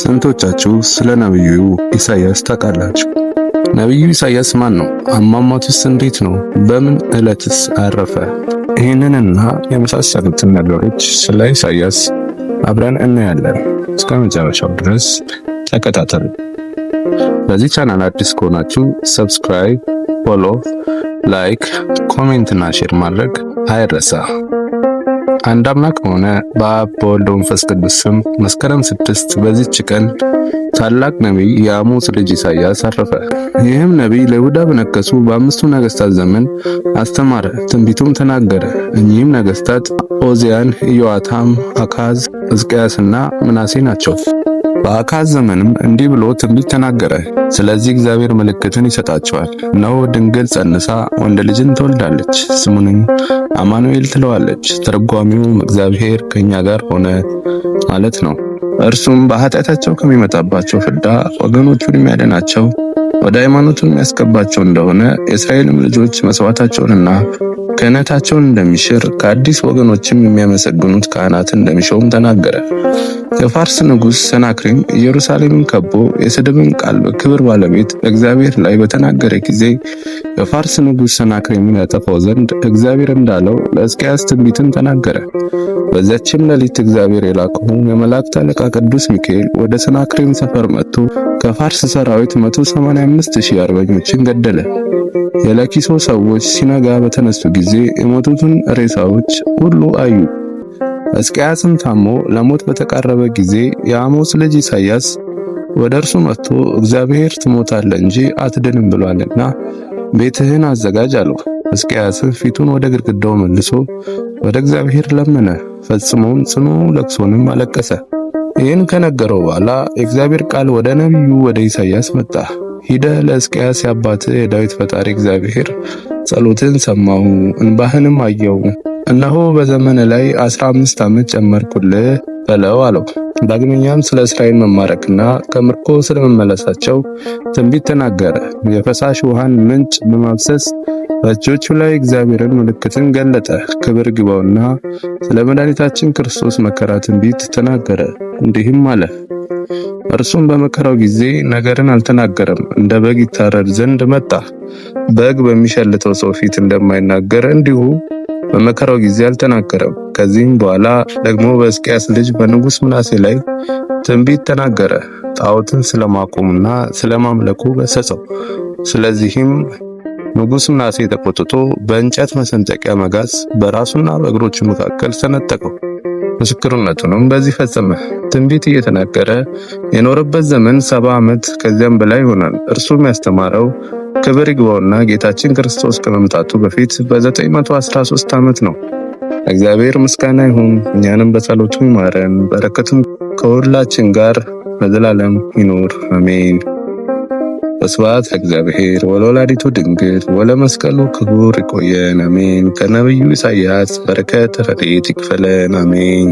ስንቶቻችሁ ስለ ነብዩ ኢሳያስ ታውቃላችሁ? ነብዩ ኢሳያስ ማን ነው? አሟሟቱስ እንዴት ነው? በምን ዕለትስ አረፈ? ይህንንና የመሳሰሉትን ነገሮች ስለ ኢሳያስ አብረን እናያለን። እስከ መጨረሻው ድረስ ተከታተሉ። በዚህ ቻናል አዲስ ከሆናችሁ ሰብስክራይብ፣ ፎሎ፣ ላይክ፣ ኮሜንት እና ሼር ማድረግ አይረሳ። አንድ አምላክ በሆነ በአብ በወልድ በመንፈስ ቅዱስ ስም መስከረም ስድስት በዚች ቀን ታላቅ ነቢይ የአሞጽ ልጅ ኢሳያስ አረፈ። ይህም ነቢይ ለይሁዳ በነገሱ በአምስቱ ነገስታት ዘመን አስተማረ፣ ትንቢቱም ተናገረ። እኚህም ነገስታት ኦዚያን፣ ኢዮአታም፣ አካዝ፣ ሕዝቅያስና ምናሴ ናቸው። በአካዝ ዘመንም እንዲህ ብሎ ትንቢት ተናገረ። ስለዚህ እግዚአብሔር ምልክትን ይሰጣቸዋል፣ እነሆ ድንግል ጸንሳ ወንድ ልጅን ትወልዳለች፣ ስሙንም አማኑኤል ትለዋለች። ትርጓሚውም እግዚአብሔር ከእኛ ጋር ሆነ ማለት ነው። እርሱም በኃጢአታቸው ከሚመጣባቸው ፍዳ ወገኖቹን የሚያድናቸው ወደ ሃይማኖቱን የሚያስገባቸው እንደሆነ የእስራኤልም ልጆች መስዋዕታቸውንና ክህነታቸውን እንደሚሽር ከአዲስ ወገኖችም የሚያመሰግኑት ካህናትን እንደሚሾም ተናገረ። የፋርስ ንጉሥ ሰናክሪም ኢየሩሳሌምን ከቦ የስድብን ቃል በክብር ባለቤት እግዚአብሔር ላይ በተናገረ ጊዜ የፋርስ ንጉሥ ሰናክሪምን ያጠፋው ዘንድ እግዚአብሔር እንዳለው ለሕዝቅያስ ትንቢትን ተናገረ። በዚያችም ሌሊት እግዚአብሔር የላከው የመላእክት አለቃ ቅዱስ ሚካኤል ወደ ሰናክሪም ሰፈር መጥቶ ከፋርስ ሰራዊት 185 ሺህ አርበኞችን ገደለ። የለኪሶ ሰዎች ሲነጋ በተነሱ ጊዜ የሞቱትን ሬሳዎች ሁሉ አዩ። ሕዝቅያስም ታሞ ለሞት በተቃረበ ጊዜ የአሞስ ልጅ ኢሳያስ ወደ እርሱ መጥቶ እግዚአብሔር ትሞታለ እንጂ አትድንም ብሏልና ቤትህን አዘጋጅ አለው። ሕዝቅያስም ፊቱን ወደ ግድግዳው መልሶ ወደ እግዚአብሔር ለመነ፣ ፈጽሞም ጽኑ ለቅሶንም አለቀሰ። ይህን ከነገረው በኋላ የእግዚአብሔር ቃል ወደ ነቢዩ ወደ ኢሳያስ መጣ። ሂደ ለሕዝቅያስ የአባትህ የዳዊት ፈጣሪ እግዚአብሔር ጸሎትን ሰማሁ፣ እንባህንም አየሁ። እነሆ በዘመን ላይ አስራ አምስት ዓመት ጨመርኩልህ በለው አለው። ዳግመኛም ስለ እስራኤል መማረክና ከምርኮ ስለመመለሳቸው ትንቢት ተናገረ። የፈሳሽ ውሃን ምንጭ በማፍሰስ በእጆቹ ላይ እግዚአብሔርን ምልክትን ገለጠ። ክብር ግባውና ስለ መድኃኒታችን ክርስቶስ መከራ ትንቢት ተናገረ፣ እንዲህም አለ እርሱም በመከራው ጊዜ ነገርን አልተናገረም፣ እንደ በግ ይታረድ ዘንድ መጣ። በግ በሚሸልተው ሰው ፊት እንደማይናገር እንዲሁ በመከራው ጊዜ አልተናገረም። ከዚህም በኋላ ደግሞ በሕዝቅያስ ልጅ በንጉሥ ምናሴ ላይ ትንቢት ተናገረ። ጣዖትን ስለማቆሙና ስለማምለኩ ገሰጸው። ስለዚህም ንጉሥ ምናሴ ተቆጥቶ በእንጨት መሰንጠቂያ መጋዝ በራሱና በእግሮቹ መካከል ሰነጠቀው። ምስክርነቱንም በዚህ ፈጸመ። ትንቢት እየተናገረ የኖረበት ዘመን ሰባ ዓመት ከዚያም በላይ ይሆናል። እርሱም ያስተማረው ክብር ይግባውና ጌታችን ክርስቶስ ከመምጣቱ በፊት በ913 ዓመት ነው። እግዚአብሔር ምስጋና ይሁን፣ እኛንም በጸሎቱ ይማረን፣ በረከቱም ከሁላችን ጋር በዘላለም ይኑር አሜን። ወስብሐት ለእግዚአብሔር ወለወላዲቱ ድንግል ወለመስቀሉ ክቡር። ይቆየን አሜን። ከነቢዩ ኢሳይያስ በረከት ረድኤት ይክፈለን አሜን።